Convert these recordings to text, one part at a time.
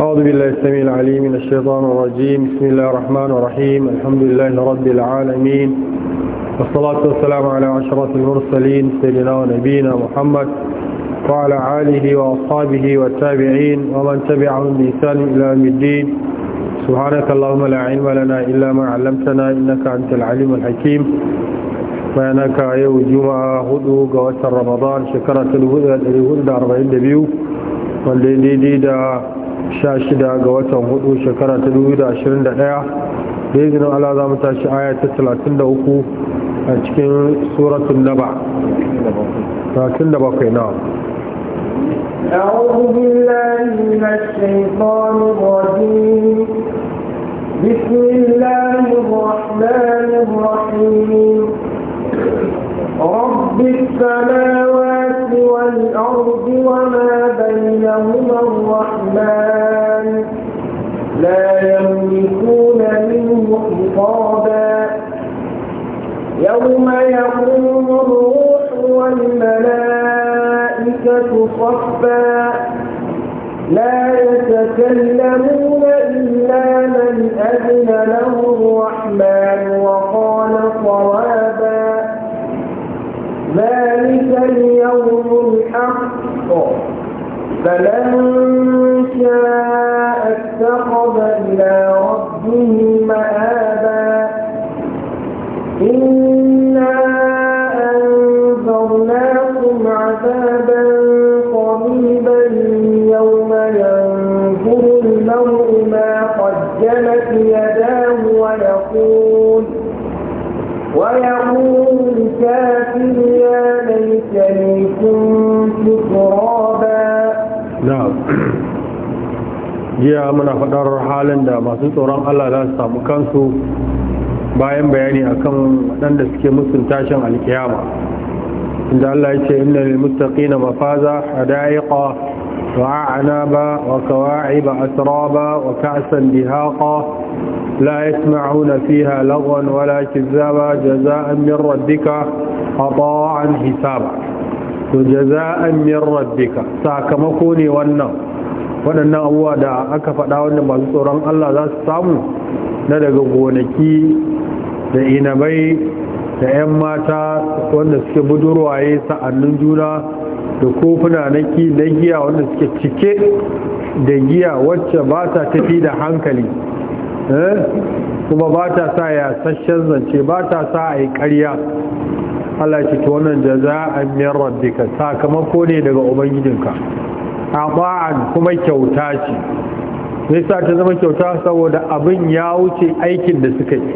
أعوذ بالله السميع العليم من الشيطان الرجيم بسم الله الرحمن الرحيم الحمد لله رب العالمين والصلاة والسلام على عشرة المرسلين سيدنا ونبينا محمد وعلى آله وأصحابه والتابعين ومن تبعهم بإحسان إلى يوم الدين سبحانك اللهم لا علم لنا إلا ما علمتنا إنك أنت العليم الحكيم وإنك يوم الجمعة هدوء قوات رمضان شكرة الهدى الهدى 42 والليل دي, دي, 16 ga watan hudu shekara ta 2021 da izinin Allah za mu tashi aya ta 33 a cikin suratun naba 37 na أعوذ بالله من الشيطان الرجيم بسم الله الرحمن الرحيم رب السماوات والأرض وما بينهما الرحمن لا يملكون منه خطابا يوم يقوم الروح والملائكة صفا لا يتكلمون إلا من أذن له الرحمن وقال صوابا ذلك اليوم الحق فمن شاء اتخذ إلى ربه مآبا إنا أنذرناكم عذابا قريبا يوم ينظر المرء ما قدمت يده jiya muna faɗar halin da masu tsoron allah za su samu kansu bayan bayani akan waɗanda suke musun tashin alkiyama inda allah ya ce inna lil muttaqina mafaza hada'iqa wa a'naba wa kawa'iba asraba wa ka'san dihaqa لا يسمعون فيها لغوا ولا كذابا جزاء من ربك to jaza'an min من sakamako ne wannan. waɗannan abubuwa da aka faɗa wanda masu tsoron Allah za su samu na daga gonaki da inabai da 'yan mata wanda suke budurwaye sa'annin juna da kofuna na giya wanda suke cike da giya wacce ba ta tafi da hankali eh? kuma ba ta sa ya sashen zance ba ta sa a yi ƙarya Allah ce ta wannan jaza a miyar Ka sakamako ne daga ubangijinka ata'an kuma kyauta ce sai sa ta zama kyauta saboda abin ya wuce aikin da suka yi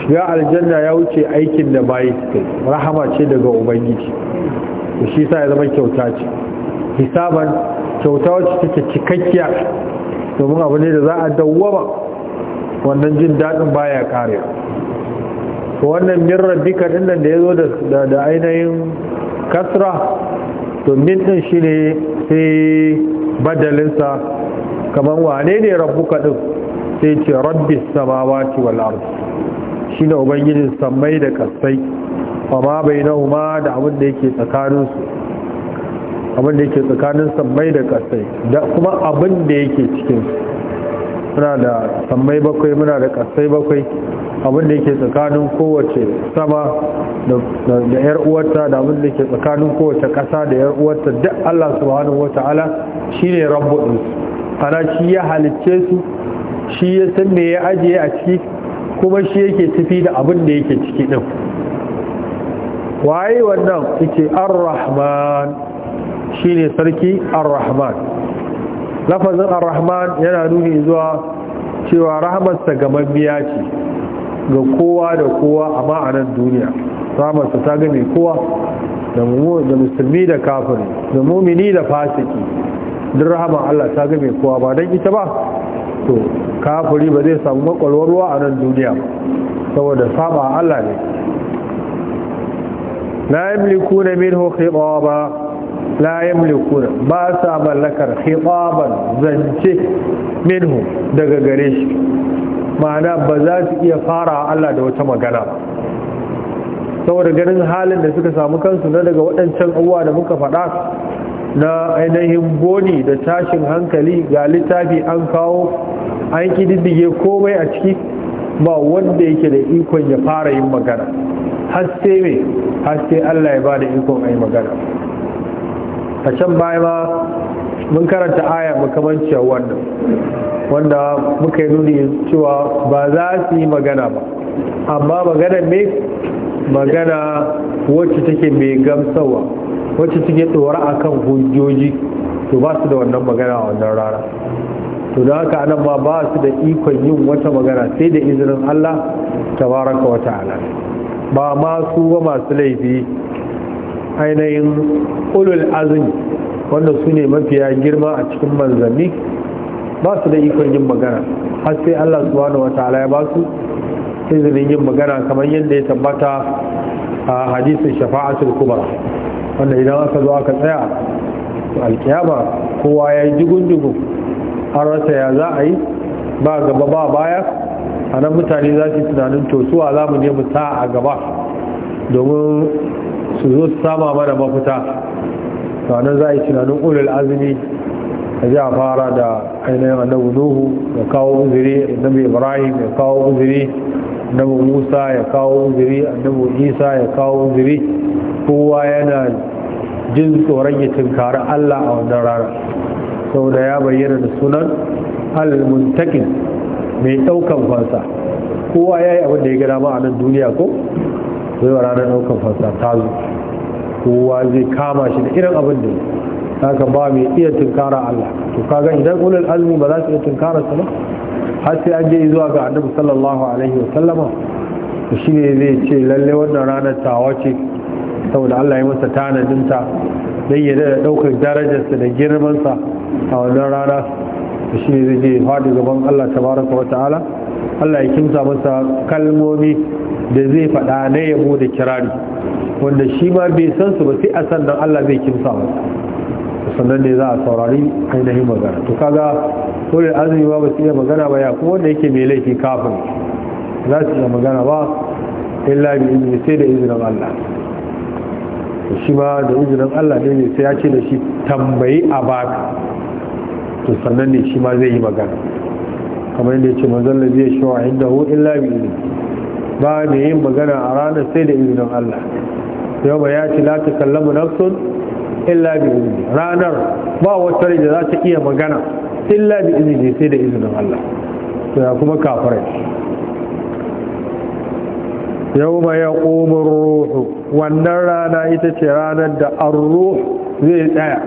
shiga aljanna ya wuce aikin da bayi suka yi rahama ce daga ubangiji da shi sa ya zama kyauta ce hisaban kyauta wacce take cikakkiya domin abu ne da za a dawwama wannan jin daɗin baya kare to wannan min duka dinnan nan da yazo da da ainihin kasra to min din shine sai badalinsa kamar wane ne rabu kaɗin sai ce rabbi samawati wal Shi na ubangijin sammai da kasai amma bai da abin da yake tsakaninsu abin da yake tsakanin sammai da kasai da kuma abin da yake cikin muna da sammai bakwai muna da kasai bakwai abinda yake tsakanin kowace sama da yar uwarta da abinda yake tsakanin kowace ƙasa da yar uwarta duk Allah subhanahu wata'ala shine rabbu din ana shi ya halicce su shi ya san me ya ajiye a ciki kuma shi yake tafi da abin da yake ciki din waye wannan yake ar-rahman shine sarki ar-rahman lafazin ar yana nuni zuwa cewa rahmarsa biya ce ga kowa da kowa a ma'anar duniya Rahamarsa ta gami kowa da musulmi da kafiri da mumini da fasiki duk rahama Allah ta gami kowa ba don ita ba to kafiri ba zai samu makwalwar ruwa a nan duniya saboda saba Allah ne yi yamliku na min hukhi ba la yamlikuna ba sa mallakar khitaban zance minhu daga gare shi ma'ana ba za su iya fara Allah da wata magana ba saboda ganin halin da suka samu kansu na daga waɗancan uwa da muka faɗa na ainihin boni da tashin hankali ga littafi an kawo an ƙididdige komai a ciki ba wanda yake da ikon ya fara yin magana Haske mai haske Allah ya ba da ikon a yi magana a can baya ma mun karanta aya makamanciyar wannan wanda muka yi nuni cewa ba za su yi magana ba amma magana mai magana wacce take mai gamsarwa wacce take tsora a kan hujjoji to ba su da wannan magana a wannan rana to da haka anan ma ba su da ikon yin wata magana sai da izinin Allah tabaraka wa ta'ala ba ma su ba masu laifi ainihin ulul azin wanda su ne mafiya girma a cikin manzanni ba su da ikon yin magana har sai Allah subhanahu ta'ala ya ba su izinin yin magana kamar yadda ya tabbata a hadisin shafa'atul kubra wanda idan aka zo aka tsaya alkiyama kowa ya yi jigun-jigun an rasa ya za a yi ba gaba ba baya a nan mutane za su tunanin to za mu ne mu sa a gaba domin su zo su sama mana mafita sannan za a yi tunanin ulul azumi a ji a fara da ainihin annabu nuhu ya kawo uzuri annabu ibrahim ya kawo uzuri annabu musa ya kawo uzuri annabu isa ya kawo uziri kowa yana jin tsoron ya tunkari allah a wannan rana sau da ya bayyana da sunan al-muntakin mai daukan fansa kowa ya yi abin da ya gada ma a nan duniya ko to wa ranar ɗaukar fansa ta zo kowa zai kama shi da irin abin da ka ba mai iya tunkara Allah to kaga idan ulul azmi ba za su iya tunkara sa ba har sai an je zuwa ga annabi sallallahu alaihi wa sallama to ne zai ce lalle wannan ranar tawa ce saboda Allah ya masa tanadin ta dan ya da daukar darajarsa da girman sa a wannan rana to ne zai je fadi gaban Allah tabaraka wa ta'ala Allah ya kimsa masa kalmomi da zai faɗa na yabo da kirari wanda shi ma bai san su ba sai a sannan Allah zai kimsa masa sannan ne za a saurari ainihin magana to kaga wurin azumi ba ba su iya magana ba ya kuma wanda yake mai laifi kafin za su iya magana ba illa bi izini sai da izinin Allah shi ma da izinin Allah ne ne sai ya ce da shi tambayi a baka to sannan ne shi ma zai yi magana kamar yadda ya ce manzon lafiya shawa inda hu illa bi izini ba da yin magana a ranar sai da izinin Allah yau ba ya ce la ta mu nafsun illa bi izini ranar ba wata rai da za ta iya magana illa bi izini sai da izinin Allah to ya kuma kafare yau ma ya ƙomin ruhu wannan rana ita ce ranar da an ruhu zai tsaya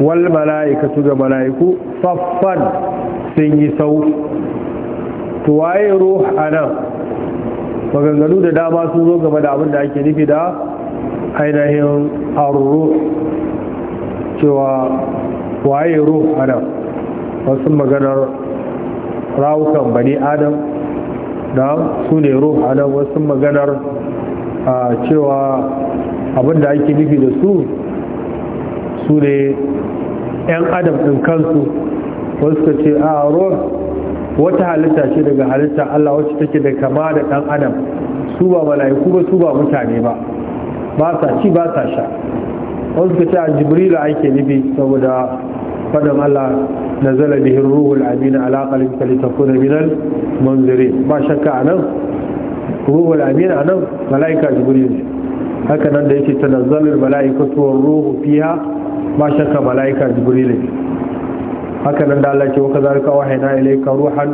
wal mala'ikatu ga mala'iku Faffan sun yi sau Tuwaye ruhu a nan maganganu da dama sun zo game da abin da ake nufi da ainihin arro cewa waye ruh adam wasu maganar rawukan bani adam da su ne ruh adam wasu maganar cewa abin da ake nufi da su su ne 'yan adam ɗin kansu wasu ka ce a ruh wata halitta ce daga halitta Allah wacce take da kama da dan adam su ba mala'iku ba su ba mutane ba ba sa ci ba sa sha wasu suka ce a jibrila ake nufi saboda fadan Allah nazala bihi ruhul amin ala qalbika litakuna minal munzirin ba shakka anan ruhul amin anan mala'ika jibril haka nan da yake ta mala'ikatu war ruhu fiha ba shakka mala'ika jibril haka nan da Allah ce waka zarika ilai ka ruhan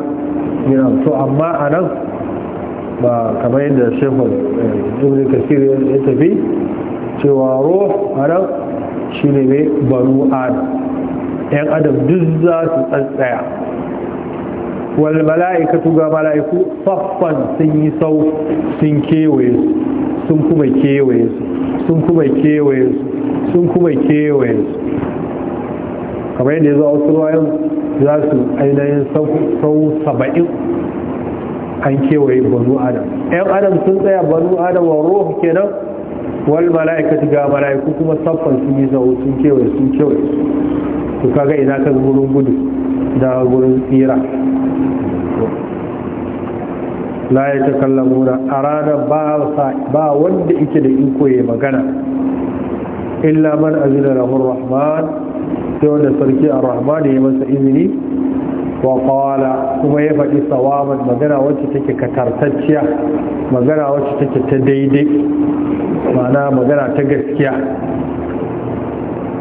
min to amma anan ba kamar yadda shehu eh, ibn kasir ya tafi cewa ruh anan ne mai banu adam yan adam duk za su tsantsaya wal mala'ikatu ga mala'iku Faffan sun yi sau sun kewaye sun kuma kewaye sun kuma kewaye sun kuma kewaye kamar yadda ya zo a wasu ruwayan za su ainihin sau saba'in an kewaye banu adam yan adam sun tsaya banu adam wa ruhu kenan wal mala'ikati ga mala'iku kuma saffan sun yi zawo sun kewaye sun kewaye su kaga ina ka gurin gudu da gurin tsira la ya ta kallamuna a ranar ba wanda ike da iko ya magana illa man azina rahman sai wanda sarki ar da ya masa izini wa kawala kuma ya faɗi sawaban magana wacce take katartacciya magana wacce take ta daidai ma'ana magana ta gaskiya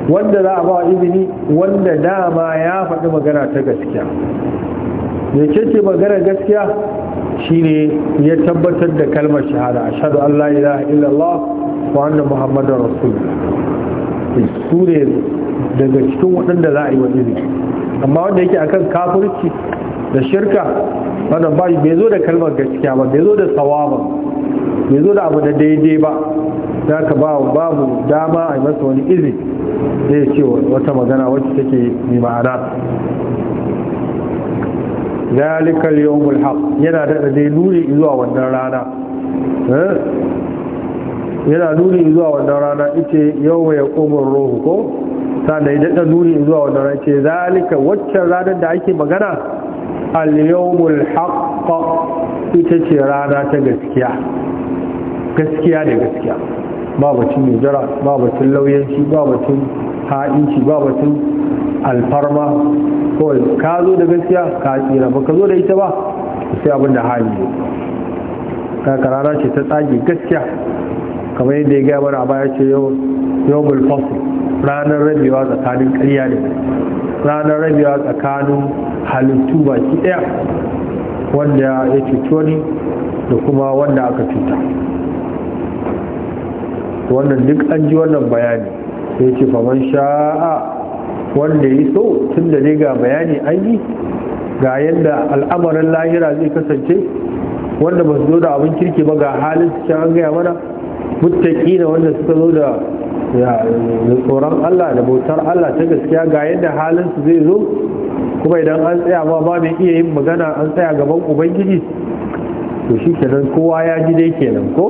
wanda za a ba izini wanda dama ya faɗi magana ta gaskiya yace ce magana gaskiya shine ya tabbatar da kalmar shahada ashhadu an la ilaha illallah wa hannun Muhammadu rasulullah su ne daga cikin waɗanda za a yi wa izini amma wanda yake akan kafirci da shirka wanda ba bai zo da kalmar gaskiya ba bai zo da tsawaba bai zo da abu da daidai ba za ka ba babu dama a yi masa wani izi zai ce wata magana wacce take mai ma'ana zalikal yawmul haq yana da dai nuni zuwa wannan rana eh? yana nuni zuwa wannan rana ita yau ya ƙobar rohu ko sanda ya daɗa nuni zuwa wannan ran ce zalika waccan ranar da ake magana al-yawmul haqq ita ce rana ta gaskiya gaskiya da gaskiya ba batun yujara ba batun lauyanci ba batun ha'inci ba batun alfarma kawai ka zo da gaskiya ka tsira ba ka zo da ita ba sai abin da hali ne kaka rana ce ta tsage gaskiya kamar yadda ya gaya mana a baya ce yawon yau ranar rabewa tsakanin karya ne ranar rabewa tsakanin halittu baki ɗaya wanda ya cuto ni da kuma wanda aka cuta wannan duk an ji wannan bayani sai ce faman sha'a wanda ya so tun da ga bayani an yi ga yadda al'amarin lahira zai kasance wanda ba su zo da abin kirki ba ga halin su an gaya mana muttaki na wanda suka zo da tsoron Allah da bautar Allah ta gaskiya ga yadda halinsu zai zo kuma idan an tsaya ma ba mai iya yin magana an tsaya gaban ubangiji to shi kenan kowa ya ji dai kenan ko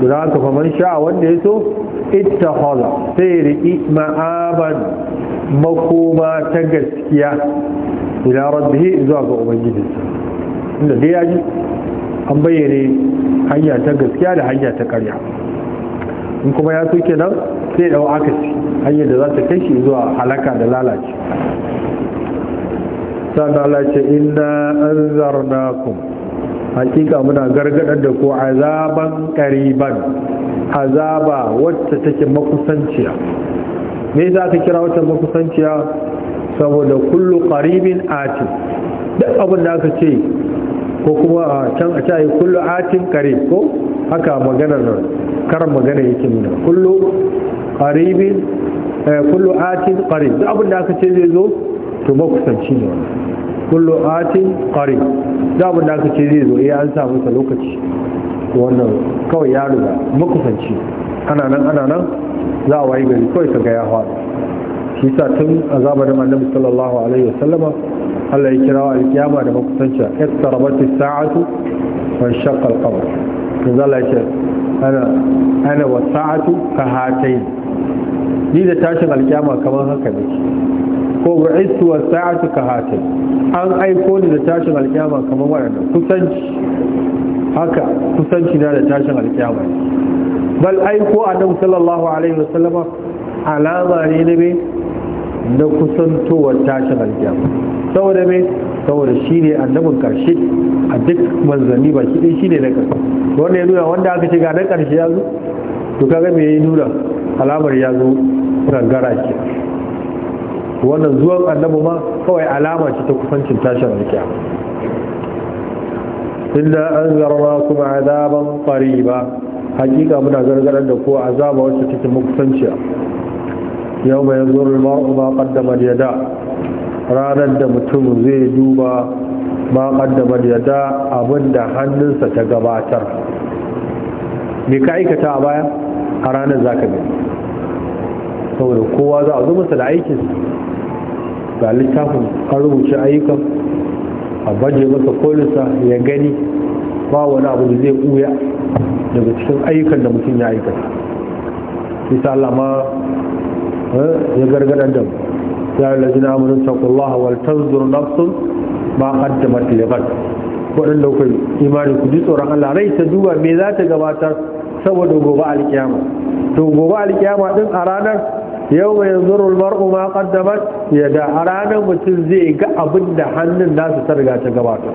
to da haka faman wanda ya so hola sai riƙi ma'aban makoma ta gaskiya ila rabbihi zuwa ga ubangiji inda dai ya ji an bayyane hanya ta gaskiya da hanya ta karya in kuma ya so kenan sai dawo aka ci hanyar da za ta kai shi zuwa halaka da lalace lalace inda an zarna anzarnakum hakika muna gargadar da ku azaban kariban azaba wacce take makusanciya me za ka kira wata makusanciya saboda kullu qaribin ati duk abin da aka ce ko kuma a can a cewa kullu atin qarib ko haka maganar nan kar magana yake nuna kullu Ƙaribin, eh, kullu atin qarib duk abin da aka ce zai zo to makusanci ne wannan kullu atin qarib duk abin da aka ce zai zo ya eh, an sa masa lokaci to wannan kawai ya riga makusanci ana nan ana nan za a wayi gari kawai ka ga ya faɗi shi sa tun a zamanin annabi sallallahu alaihi wasallama Allah ya kira wa alkiyama da makusanci iqtarabat as-sa'atu wa shaqqa al-qamar ya ce ana ana wa sa'atu ka hatayn ni da tashin alkiyama kamar haka ne ko bu'istu wa sa'atu ka hatin an aiko ni da tashin alkiyama kamar waɗanda kusanci haka kusanci na da tashin alkiyama bal aiko nan sallallahu alaihi wasallama alama ne na me na kusantowar tashin alkiyama saboda me saboda shi ne annabin karshe a duk manzanni ba shi ɗin shi ne na ƙarshe wanda ya nuna wanda aka ce ga na ƙarshe ya zo to kaga me ya nuna alamar ya zo gangara ke wannan zuwan annabu ma kawai alama ce ta kusancin tashin rikiya. inda an zarra kuma azaban ba, hakika muna gargara da ko azaba wacce take makusanciya yau mai zuwa ma'u ma da yada ranar da mutum zai duba ma da yada abinda hannunsa ta gabatar me ka aikata a baya a ranar zaka gani saboda kowa za a zo masa da aikin ga littafin an rubuce ayyukan a baje masa kolinsa ya gani ba wani abu da zai buya daga cikin ayyukan da mutum ya aikata isa Allah ma eh, ya gargadar da ya yi lajina amurin takullah wa tanzur nafsun ma qaddamat li waɗanda ku imani ku ji tsoron Allah rai ta duba me za ta gabatar saboda gobe alkiyama to gobe alkiyama din a ranar yau mai zurul mar'u ma qaddamat yadda da a ranar mutum zai ga abin hannun nasu ta riga ta gabata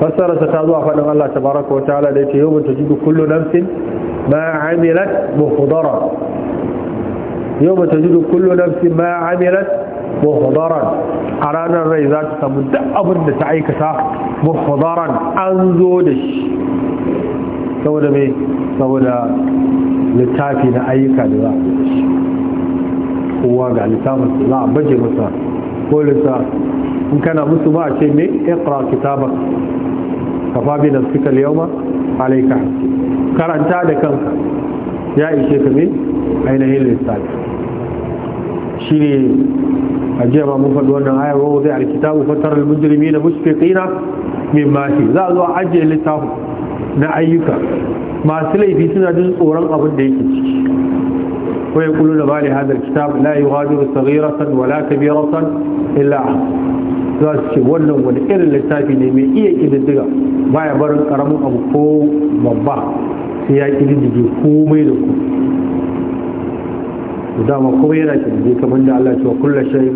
fassararsa ta zuwa faɗin Allah tabaraka wa ta'ala da ce yau mutum kullu nafsin ma amilat muhdara yau mutum jidu kullu nafsin ma amilat muhdaran a ranar rai za ta samu duk abin ta aikata muhdaran an zo da shi saboda littafi na ayyuka da za a yi shi kowa ga littafin za a baje masa ko lissa in kana musu ba a ce me iqra kitabak kafa bi nafsika al-yawma alayka karanta da kanka ya ishe ka me ainihin lissafi shi ne a jiya ma mun faɗi wannan ayar wawo zai alkitabu fatar al-mujrimi na mushfiqina min mashi za a zo a ajiye littafin na ayyuka masu laifi suna jin tsoron abin da yake ciki ko ya kulu da ba da hadar kitab la yi hajjuru sagiratan wala kabiratan illa za su ce wannan wani irin littafi ne mai iya ƙididdiga baya barin karamin abu ko babba sai ya ƙididdige komai da ku dama kuma yana kididdige kamar da Allah ce wa kullu shay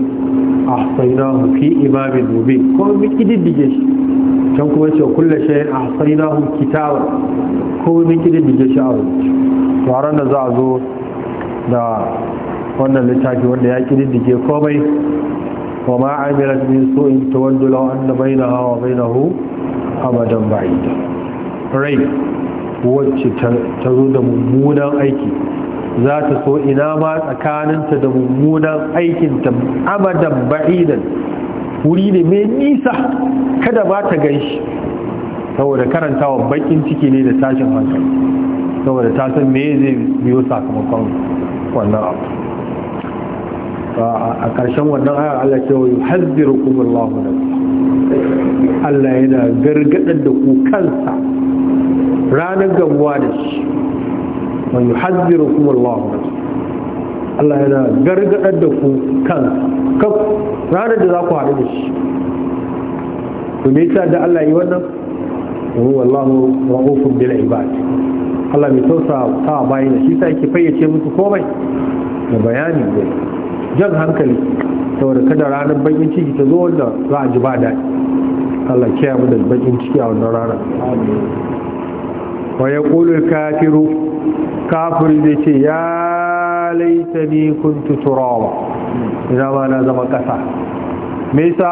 ahsaynahu fi imamin mubin ko mu ƙididdige shi can kuma ce kulle shayin a hasarina hun ko ni kidi dige shi a To taron da za a zo da wannan littafi wanda ya kidi dige komai wa ma amilat min su'in tawaddu law anna bainaha wa bainahu abadan ba'ida rai wacce ta zo da mummunan aiki za ta so ina ma tsakaninta da mummunan aikinta abadan ba'idan wuri ne mai nisa kada ba ta gaishi saboda karantawa bakin ciki ne da tashin hankali saboda ta san me zai biyo sakamakon wannan abu a ƙarshen wannan ayar Allah ce wa yuhazzirukum Allah nafsa Allah yana gargadar da ku kansa ranar gabuwa da shi wani yuhazzirukum Allah nafsa Allah yana gargadar da ku kansa ranar da za ku haɗu da shi to me yasa da Allah yi wannan wa wallahu ra'ufun bil ibad Allah mai tausa ta bayan shi sa yake fayyace musu komai da bayani da jan hankali saboda kada ranar bakin ciki ta zo wanda za a ji ba daɗi Allah kiyaye mu da bakin ciki a wannan ranar wa yaqulu al-kafiru kafir zai ce ya laitani kuntu turaba ina ma na zama kasa me yasa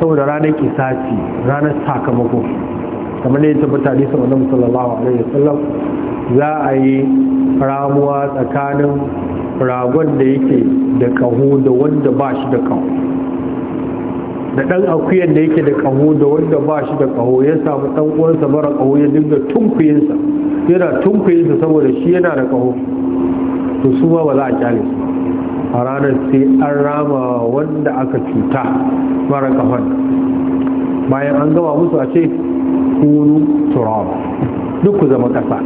saboda ranar kisasi ranar sakamako kamar ne ta mutane na sallallahu alaihi wasallam za a yi ramuwa tsakanin ragon da yake da kaho da wanda ba shi da kaho da ɗan akuyan da yake da kaho da wanda ba shi da kaho ya samu ɗan uwansa mara kaho ya dinga tunkuyinsa yana tunkuyinsa saboda shi yana da kaho to su ba za a kyale su a ranar sai an rama wanda aka cuta mara kafan bayan an gama musu a ce kunu turawa duk ku zama kasa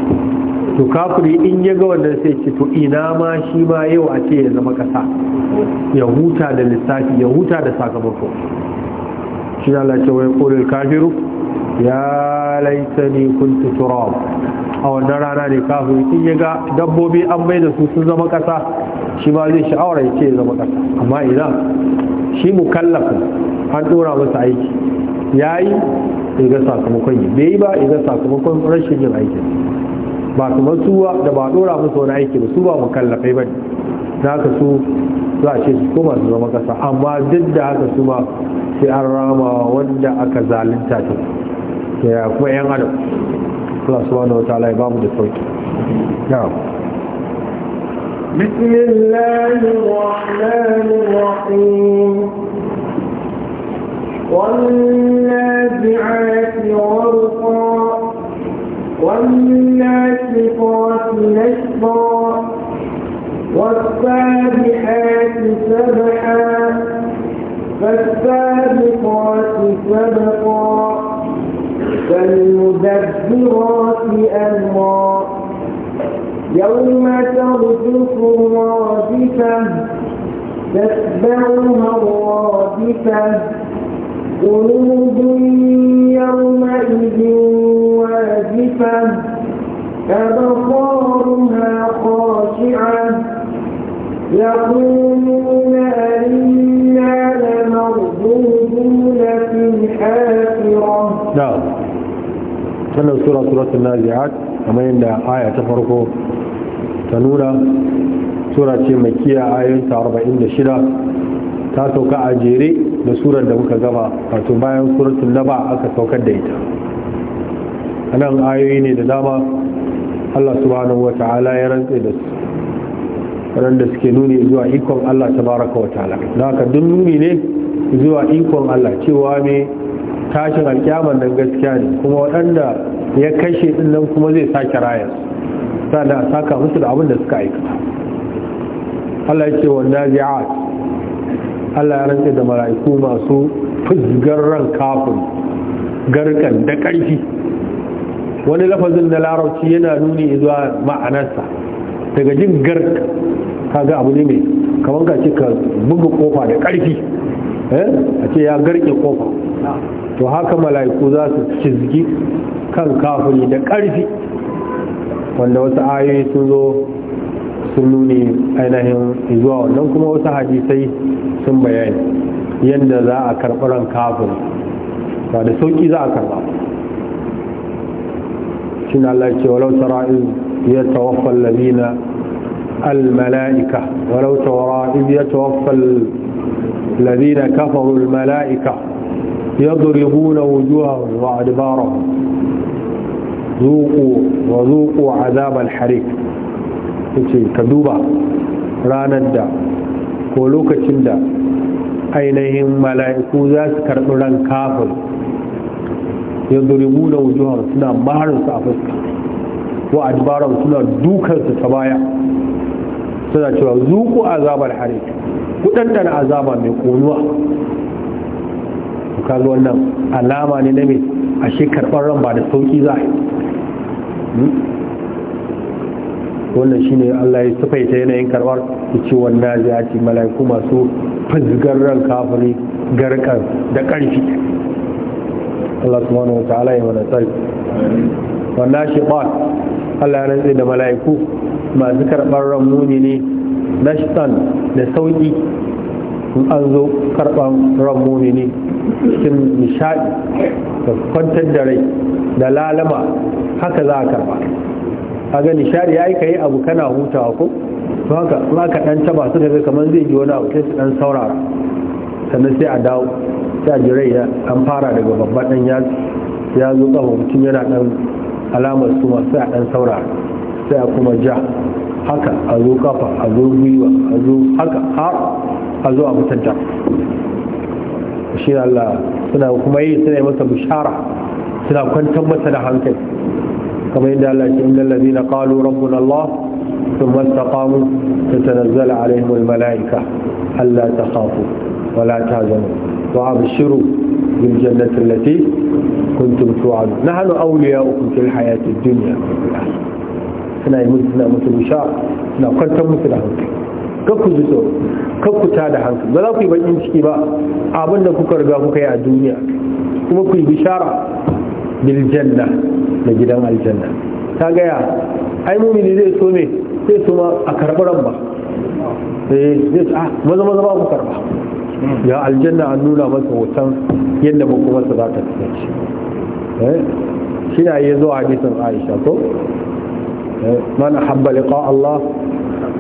to kafiri in ya ga wannan sai ce to ina ma shi ma yau a ce ya zama kasa ya huta da lissafi ya huta da sakamako shi Allah ce wai kulul kafiru ya ne kuntu turab a wanda rana ne kafin in ya ga dabbobi an bai da su sun zama ƙasa shi ba zai sha'awar ya ce zama ƙasa amma ina shi mu kallafa an ɗora masa aiki ya yi ya ga sakamakon yi bai yi ba ya ga sakamakon rashin yin aikin ba masu suwa da ba ɗora masa wani aiki ba su ba kallafai ba ne za ka su za a ce su koma su zama ƙasa amma duk da haka su ma sai an rama wanda aka zalunta ta kuma 'yan adam Allah subhanahu wa ta'ala ya bamu da sauki na'am بسم الله الرحمن الرحيم والنازعات غرقا والناسقات نشطا والسابحات سبحا فالسابقات سبقا والمدبرات أمرا يوم ترجف الرادفة تتبعها الرادفة قلوب يومئذ واجفة أبصارها خاشعة يقولون أئنا لمردودون في الحافرة نعم sannan sura suratul nazi'at kamar yadda aya ta farko ta nuna sura ce makiya ayoyinta 46 ta sauka a jere da surar da muka gama wato bayan suratun naba aka saukar da ita a nan ayoyi ne da dama Allah subhanahu wa ta'ala ya rantse da su waɗanda suke nuni zuwa ikon Allah baraka wa ta'ala da haka duk nuni ne zuwa ikon Allah cewa ne tashin alkyaman nan gaskiya ne kuma waɗanda ya kashe ɗin nan kuma zai sake raya sannan a saka musu da abin da suka aika. Allah ya ce wa nazi'at Allah ya rantse da mara'iku masu fuzgar ran kafin garkan da ƙarfi wani lafazin na larabci yana nuni zuwa ma'anarsa daga jin ka ga abu ne mai kamar ka ce ka buga kofa da ƙarfi Eh? a ce ya garke kofa to haka mala'iku za su cizgi kan kafuri da ƙarfi wanda wasu ayoyi sun zo sun nuni ainihin zuwa wannan kuma wasu hadisai sun bayani yadda za a karɓi ran kafin ba da sauƙi za a karɓa shi na Allah ce walau sara'in ya tawaffal lalina al mala'ika walau tawara in ya tawaffal الذين كفروا الملائكة يضربون وجوههم وأدبارهم ذوقوا وذوقوا عذاب الحريق كدوبة راندا ولوكا شندا ainihin mala'iku za su karɓi ran kafin yanzu ribu da wujuhar suna maharinsu a fuska wa adbaran suna dukansu ta baya suna cewa zuku azabar harik ku na azaba mai koyuwa. ka zo wannan alama ne na mai ashe karɓar ran ba da sauƙi za a yi hmm? wannan ne Allah ya ta yanayin karbar ya ce wannan ziyarci mala'iku masu fizgar ran kafiri garkar da ƙarfi Allah subhanahu wata ala ya mana tsari wannan shi ba Allah ya rantsi da mala'iku masu karɓar ran muni ne nashtan da sauƙi in an zo karban ran ne cikin nishaɗi da kwantar da rai da lalama haka za a karɓa ga nishaɗi ya yi ka yi abu kana hutawa ko to haka in aka ɗan taba su daga kamar zai ji wani abu sai su ɗan saurara sannan sai a dawo sai a ji rai an fara daga babban ɗan ya zo ƙafa mutum yana ɗan alamar su masu a ɗan saurara sai a kuma ja haka a zo kafa a zo gwiwa a zo haka har a zo a mutunta shi Allah suna kuma yi suna yi masa bishara suna kwantar masa da hankali kamar yadda Allah ke inda lalazina qalu rabbuna Allah kafu استقاموا تتنزل عليهم الملائكة ألا تخافوا ولا تهزموا وأبشروا بالجنة التي كنتم توعدون نحن أولياؤكم في الحياة الدنيا وفي الآخرة suna yi musu suna musu musha suna kwantar musu da hankali kakku ku ji tsoro ku ta da hankali ba za ku yi bakin ciki ba abin da kuka riga kuka yi a duniya kuma ku yi bishara bil janna da gidan aljanna ta gaya ai mumini zai so ne zai so ma a karɓar ba eh zai so ah maza maza ba mu karɓa ya aljanna an nuna masa hoton yadda mu kuma su za ta kasance eh, shi na yi zuwa hadisin aisha ko من أحب لقاء الله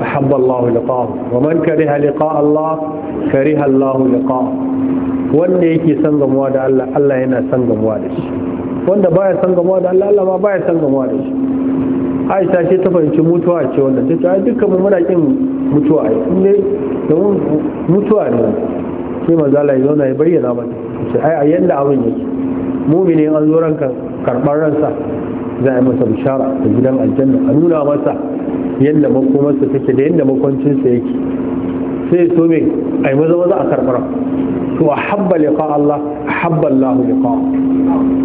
أحب الله لقاءه ومن كره لقاء الله كره الله لقاءه wanda yake son gamuwa da Allah Allah yana son gamuwa da shi wanda baya son gamuwa da Allah Allah ma baya son gamuwa da shi Aisha ce ta fahimci mutuwa ce wannan ta ce ai dukkan mu muna kin mutuwa ai indai domin mutuwa ne sai manzo Allah ya zauna ya bayyana mata ce ai a yanda abin yake mu'mini an zo ranka karban ransa za a masa bishara da gidan aljanna a nuna masa yadda makomarsa take da yadda makoncinsa yake sai so me yi maza maza a karbar to a habba liqa Allah a habba Allah liqa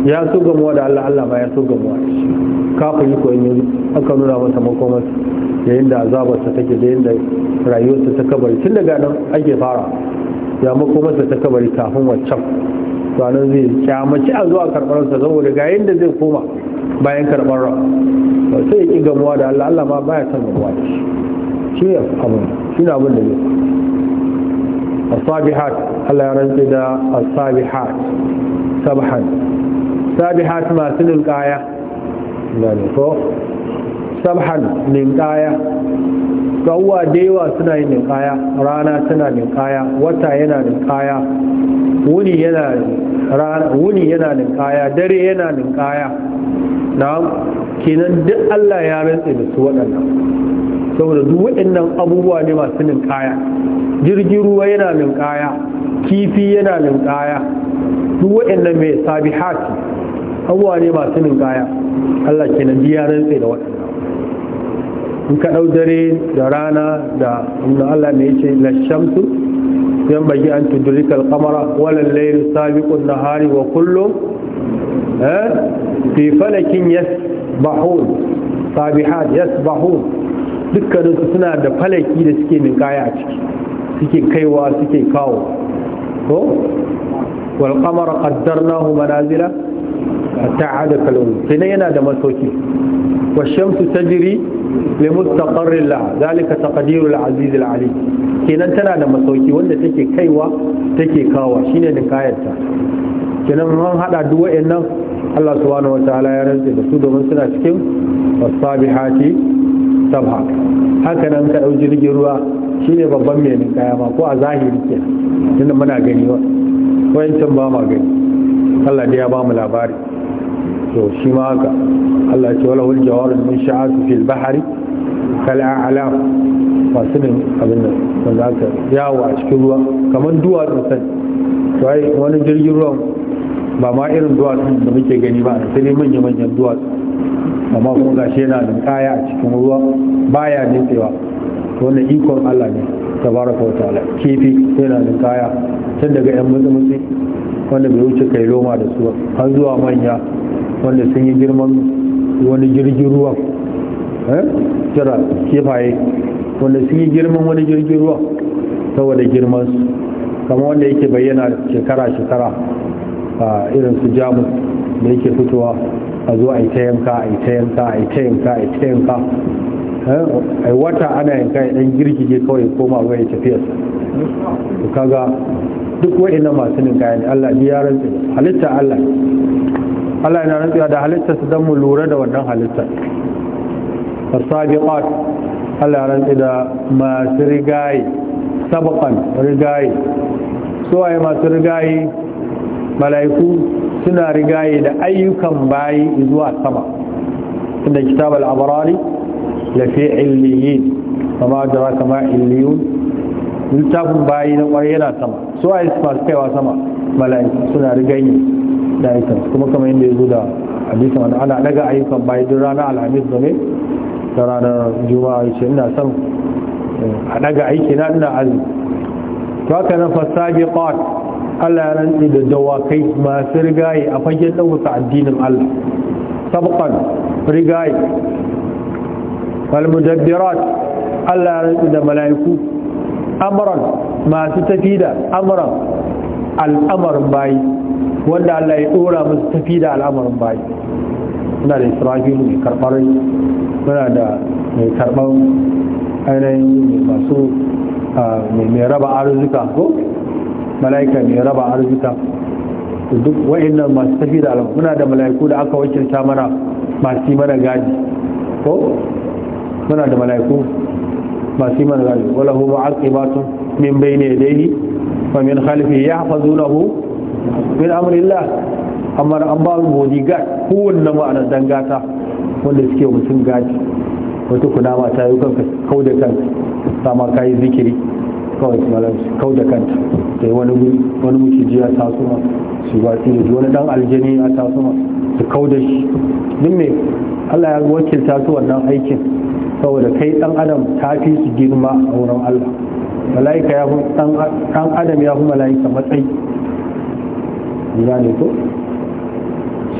ya so gamuwa da Allah Allah ba ya so gamuwa da shi kafin yi koyon yanzu aka nuna masa makomarsa da yadda azabarsa take da yadda rayuwarsa ta kabari tun daga nan ake fara ya makomarsa ta kabari kafin waccan ranar zai kyamaci a zuwa sa saboda ga yadda zai koma bayan karɓar ran ba sai ya ƙi gamuwa da Allah Allah ma baya son gamuwa da shi shi ne abin shi ne abin da ne asabihat Allah ya rantse da asabihat sabhan sabihat masu ninkaya na ne ko sabhan ninkaya gawwa da yawa suna yin ninkaya rana suna ninkaya wata yana ninkaya wuni yana ninkaya dare yana ninkaya na'am kenan duk Allah ya rantse da su waɗannan saboda duk waɗannan abubuwa ne masu ninkaya jirgin ruwa yana ninkaya kifi yana ninkaya duk waɗannan mai haki abubuwa ne masu ninkaya Allah kenan duk ya rantse da waɗannan in ka ɗau dare da rana da amma Allah mai yake lashamsu shamsu yan bagi an tudurikar kamara qamara wala al-layl nahari wa kullum Eh? fi falakin yasbahun sabihat yasbahun dukkaninsu suna da falaki da suke kaya a ciki suke kaiwa suke kawo ko wal qamara qaddarnahu manazila hatta ada kalun sai yana da masoki shamsu tajri li mustaqarrin la zalika taqdiru al-aziz al-alim kenan tana da masauki wanda take kaiwa take kawa shine ninkayarta kenan mun hada duk nan. Allah subhanahu ta'ala ya rantsa da su domin suna cikin wasabihati sabha haka nan ka dauki jirgin ruwa shine babban mai ninkaya ma ko a zahiri ke tunda muna gani wayancan ba ma gani Allah dai ya ba mu labari to shi ma haka Allah ya ce wala wal jawarun min sha'atu fil bahri kal a'lam wasu ne abin nan wanda aka yawo a cikin ruwa kamar duwatsu sai to wani jirgin ruwan ba ma irin duwatsu da muke gani ba sai dai manya-manyan duwatsu amma kuma gashi yana da kaya a cikin ruwa baya tsewa to wannan ikon Allah ne tabaraka wa Kefi kifi yana da kaya can daga yan mutsumutsi wanda bai wuce kai loma da su har zuwa manya wanda sun yi girman wani jirgin ruwa jira eh? kifaye wanda sun yi girman wani jirgin ruwa saboda girman su kamar wanda yake bayyana shekara-shekara irin su jamus da yake fitowa a zo a yi ta yanka a yi ta yanka a yi ta yanka a yi ta yanka eh, a wata ana yanka ya dan girgije kawai koma wai ya tafiya su kaga duk na masu ninka ne Allah bi ya rantsi halitta Allah Allah yana ya da halitta su dan mu lura da wannan halitta fasabiqat Allah ya rantsi da masu rigayi sabqan rigayi so ai masu rigayi mala'iku suna rigaye da ayyukan bayi zuwa sama inda kitab al-abrari lafi illiyin kama jira kama illiyun littafin bayi na kwarai yana sama su a masu kaiwa sama mala'iku suna rigaye da ayyukan kuma kamar inda ya zo da hadisi wanda ana daga ayyukan bayi duk rana alhamis ne da ranar juma'a ya ce ina son eh, a daga aiki na ina azumi to haka nan fasabiqat Allah ya rantsi da dawakai masu rigaye a fagen ɗaukaka addinin Allah sabqan rigaye falmudabbirat Allah ya rantsi da mala'iku amran masu tafi da amran al'amarin bayi wanda Allah ya dora musu tafi da al'amarin bayi muna da isra'ilu mai karɓar muna da mai karɓar ainihin masu ah, mai raba arzuka ko mala'ika mai raba arzika duk wa'annan masu tafi da alamu muna da mala'iku da aka wakilta mana masu yi mana gadi ko muna da mala'iku masu yi mana gadi wala hu tun min bayni yadayhi wa min khalfihi yahfazunahu min amrillah amma an ba mu bodyguard kowanne ma'anar dangata wanda suke mutum gadi wata kunama ta yi kanka kau da kanka sama kayi zikiri kawai su kau da kanta da wani wani miciji ya taso ma su ba su wani dan aljini ya taso ma su kau da shi duk me Allah ya wakilta su wannan aikin saboda kai dan adam ta fi su girma a wurin Allah mala'ika ya fi dan adam ya fi mala'ika matsayi ya ne to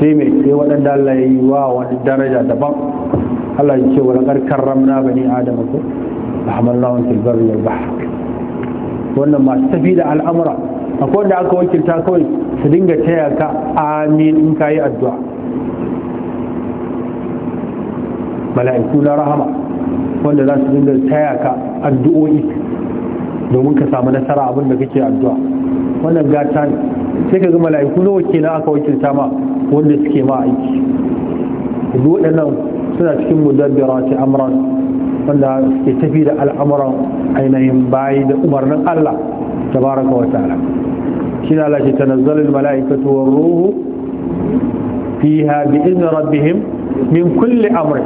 sai mai sai waɗanda Allah ya yi wa wani daraja daban Allah ya ce wani laƙar ramna na bani adam ko rahman lawan tilbar ya ba. wannan masu tafi da al'amura akwai wanda aka wakilta kawai su dinga taya ka amin in ka yi addu'a mala'iku na rahama wanda za su dinga taya ka addu'o'i domin ka samu nasara abin da kake addu'a wannan gata ne sai ka ga mala'iku nawa na aka wakilta ma wanda suke ma aiki waɗannan suna cikin mudabbirati amran wanda ke tafi da al'amuran ainihin bayi da umarnin Allah tabaraka wa ta'ala shine Allah ke tanazzalul mala'ikatu war ruhu fiha bi idni rabbihim min kulli amri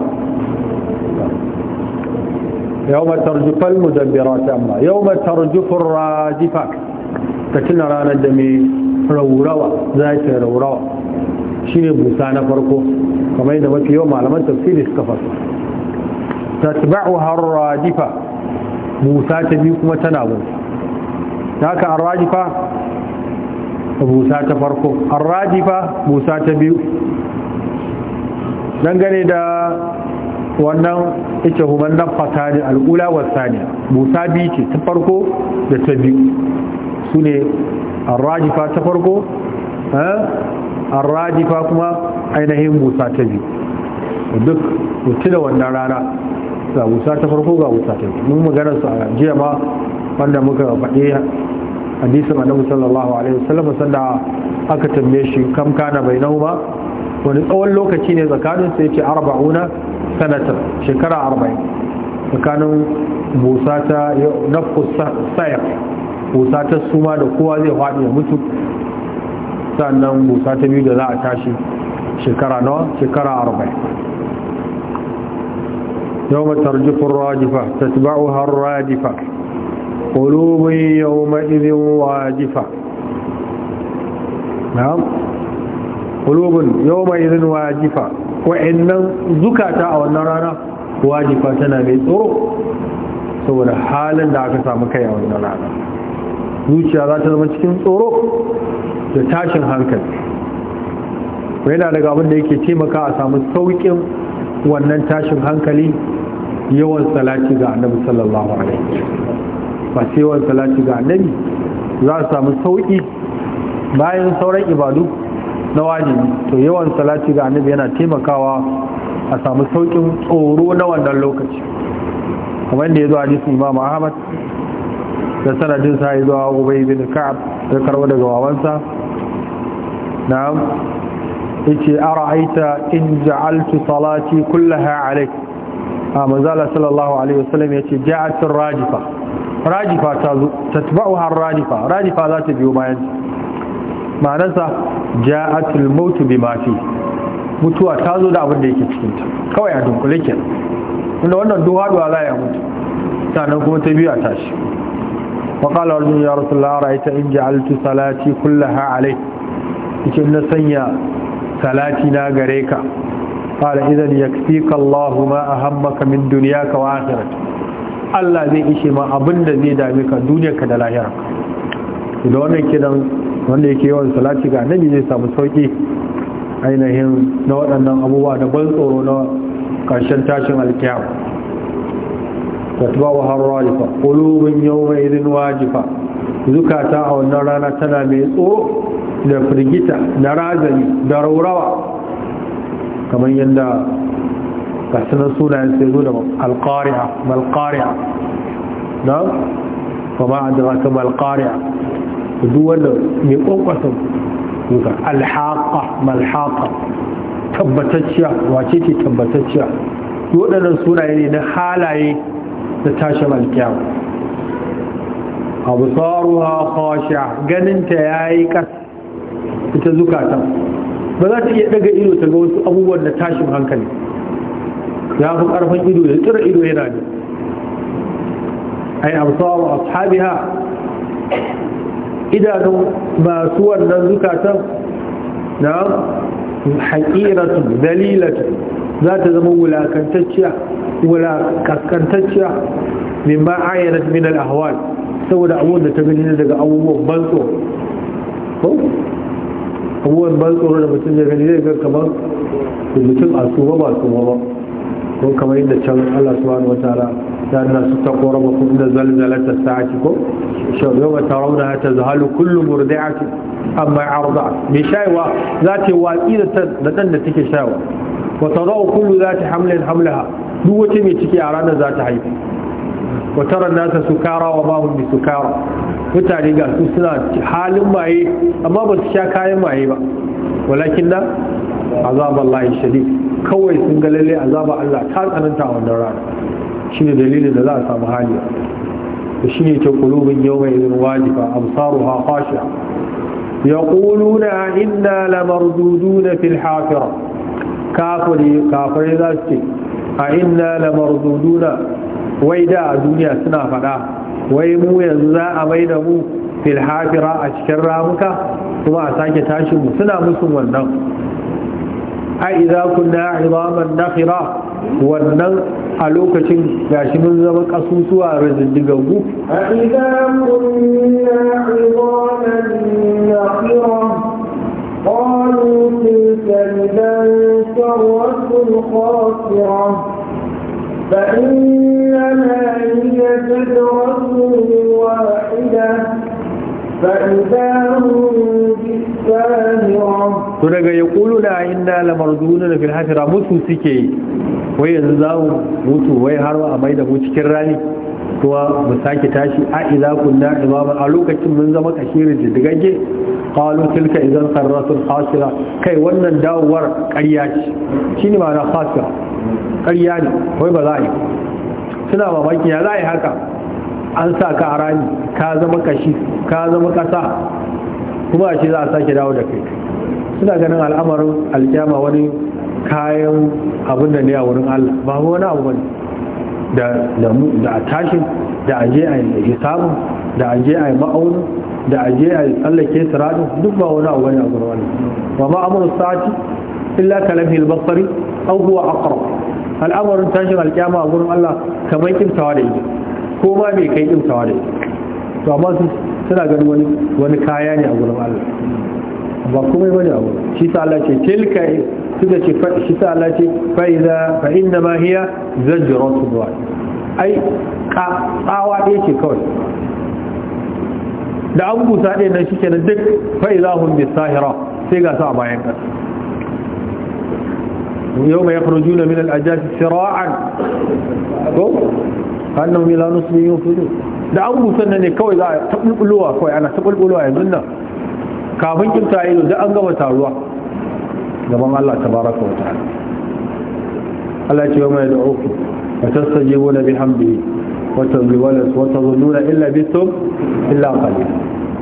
يوم ترجف المدبرات أما يوم ترجف الراجفة فتنا رانا دمي روروا ذات روروا شيء بوسانا فرقو كما يدى ما في يوم على من تفسير استفسر tatba'uha ar-rajifa busa ta biyu kuma tana bu haka ar-rajifa busa ta farko ar-rajifa busa ta biyu dangane da wannan ita human nafata ne al'ula wa saniya busa biyu ce ta farko da ta biyu sune ar arrajifa ta farko arrajifa kuma ainihin busa ta biyu duk mutu da wannan rana ga wuta ta farko ga wuta ta mun magana su a jiya ma wanda muka faɗi hadisin annabi sallallahu alaihi wasallam sanda aka tambaye shi kam kana nau ba wani tsawon lokaci ne tsakanin sai ce arba'una sanatar shekara arba'in tsakanin busa ta na sayar busa ta suma da kowa zai faɗi ya mutu sannan busa ta biyu da za a tashi shekara nawa shekara arba'in يوم ترجف الراجفة تتبعها الرادفة قلوب يومئذ واجفة نعم قلوب يومئذ واجفة وإن زكاة أو النرانا واجفة تنامي الطرق saboda halin da aka samu kai a wannan rana zuciya za ta zama cikin tsoro da tashin hankali yana daga abin da yake taimaka samu saukin wannan tashin hankali yawan salati ga annabi sallallahu alaihi masu yawan salati ga annabi za su samu sauƙi bayan sauran ibadu na wajibi to yawan salati ga annabi yana taimakawa a samu sauƙin tsoro na wannan lokaci kamar da ya zo hadisin imam ahmad da sanadin sa ya zuwa ubay bin ka'ab da karwa daga wawansa na'am yace ara'aita in ja'altu salati kullaha alayka a ah, manzala sallallahu alaihi wasallam ya ce ja'atin rajifa rajifa ta zo tatba'u har rajifa rajifa za ta biyo bayan ma'anarsa ja'atul maut bi fi mutuwa ta zo da abin da yake cikin ta kawai a dunkule ke inda wannan duwa haduwa za ya mutu sannan kuma ta biyu a tashi wa qala wa ya rasulullah ra'aita in ja'altu salati kullaha alayhi yace na sanya salati na gare ka قال إذا يكفيك الله ما أهمك من دنياك وآخرتك Allah zai ishe ma abin da zai dami ka ka da lahira da wannan kidan wanda yake yawan salati ga annabi zai samu sauki ainihin na waɗannan abubuwa da ban tsoro na ƙarshen tashin alkiyama tatbawa har rajifa yau mai irin wajifa zukata a wannan rana tana mai tsoro da firgita da razani da raurawa kamar yadda kasunan sunayen sai zo da alƙari'a malƙari'a na kama a da masu malƙari'a duk wanda mai ƙwanƙwasan duka alhaƙa malhaƙa tabbatacciya wace ce tabbatacciya waɗannan sunaye ne na halaye da tashi malkiyawa abu tsaruwa ganin ganinta ya yi ƙas ita zukatan ba za ta iya daga ido ta ga wasu abubuwan da tashin hankali ya fi karfin ido ya tsira ido yana ne ai amsawa ashabiha idanun masu wannan zukatan na haƙiratu dalilatu za ta zama wulakantacciya wulakantacciya min ba a ayyanat min al'ahwal saboda abubuwan da ta gani daga abubuwan banzo abubuwan ban tsoro da mutum ya gani zai ga kamar mutum a tsoma ba su ba ko kamar yadda can Allah su wani wata ra ya nuna su ta kora ba kuma da zalzalar ta ake ko shau yau ba rauna ya ta zahalu kullum murdi'ati amma an mai shayarwa za ta yi waƙi da ɗan da take shayarwa wata rawa kullum za ta hamlin hamlaha duk wata mai ciki a ranar za ta haifi wa tara nasa sukara wa ma hum sukara mutane ga su suna halin maye amma ba su sha kayan maye ba walakin na azaballahi shadid kawai sun ga lalle azaba Allah ta tsananta a wannan rana shine dalilin da za a samu hali da shine ke kulubin yawma idin wajiba absaruha khashi'a يقولون إنا لمردودون في الحافرة كافر كافر ذاتي أئنا لمردودون wai da a duniya suna faɗa wai mu yanzu za a mai da mu filhafira a cikin ramuka kuma a sake tashi mu suna musu wannan a idza kunna idaman nakhira wannan a lokacin gashi mun zama kasusuwa rizdigagu a idza kunna idaman nakhira قالوا تلك إذا كرة خاسرة فإنما هي زجرة واحدة فإذا هم to daga ya kulu da inda lamarduna da filhafira mutu suke yi wai yanzu za mu mutu wai har a mai da mu cikin rani kuwa mu sake tashi a kunna imamu a lokacin mun zama kashirin diddigagge qalu tilka idan sarratul khasira kai wannan dawowar karya ce ma na khasira ƙarya ne wai ba za a yi suna mamaki ya za a yi haka an sa ka a ka zama kashi ka zama kasa kuma a ce za a sake dawo da kai suna ganin al'amarin alkyama wani kayan abin da ne a wurin Allah ba wani abu bane da a tashin da a je a yi samu da a je a yi ma'aunin da a je a yi tsallake siradin duk ba wani abu ne a gurin wani ba ma amur sa'ati illa kalamhi al-basari aw huwa aqrab al'amarin tashin alkyama a gurin Allah kamar kimtawa da yake ko ma mai kai kimtawa da yake to amma su suna ganin wani wani kaya ne a gurin Allah ba kuma yi wani abu shi sa Allah ce tilka suka ce shi sa Allah ce fa iza fa inna ma hiya zajratun wahid ai ka tsawa ɗaya ce kawai da an busa ɗaya nan shi kenan duk fa iza hum bisahira sai ga su a bayan ƙasa يوم يخرجون من الأجاج سراعا أنهم إلى نصف ينفذون da an busan nan ne kawai za a taɓulɓulowa kawai ana taɓulɓulowa yanzu nan kafin kimta yi da an gama taruwa gaban Allah ta baraka wa ta'ala Allah ce mai da uku wa tastajibu na bihamdi wata tazawwalas wata tazunnuna illa bitum illa qalil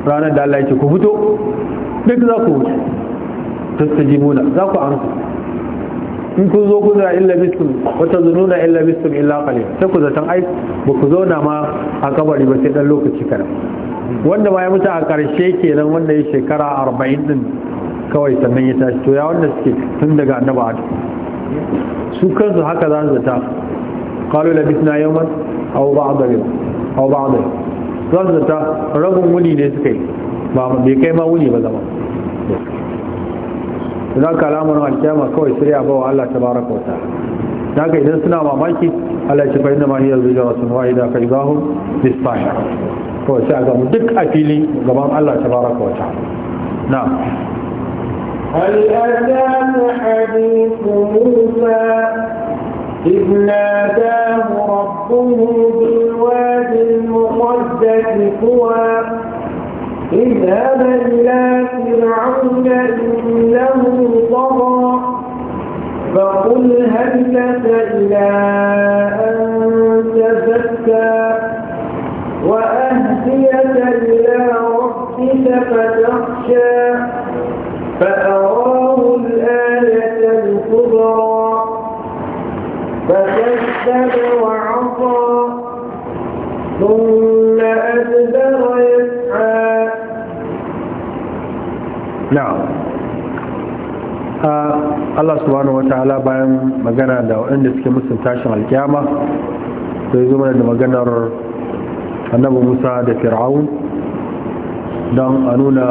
ranar da Allah ya ce ku fito duk za ku wuce tastajibuna za ku amsa in kun zo kuna illa bisum wata zununa illa bisum illa qalil sai ku zata ai ba ku zauna ma a kabari ba sai dan lokaci kana wanda ma ya mutu a karshe kenan wanda ya shekara 40 din kawai sannan ya tashi to ya wanda suke tun daga annaba adam su kansu haka za su zata qalu labithna yawman aw ba'd al aw ba'd za su zata rabin wuni ne suka yi ba bai kai ma wuni ba zama to za ka alamar alkiyama kawai shirya ya bawa Allah tabaraka wa ta'ala daga idan suna mamaki Allah ya ce fa inna ma hiya zujratun wahida yi idahu bisfaha kawai sai a mu duk a fili gaban Allah tabaraka wa ta'ala na'am هل أتاك حديث موسى إذ ناداه ربه بالوادي المقدس طوى اذهب إلى فرعون إنه طغى فقل هل لك إلى أن تزكى وأهديك إلى ربك فتخشى فأراه الآية الكبرى فكذب وعصى ثم أدبر na'am ah, Allah subhanahu wa ta'ala bayan magana da waɗanda suke musu tashin alkiyama sai zo mana da maganar annabi Musa da Fir'aun don a nuna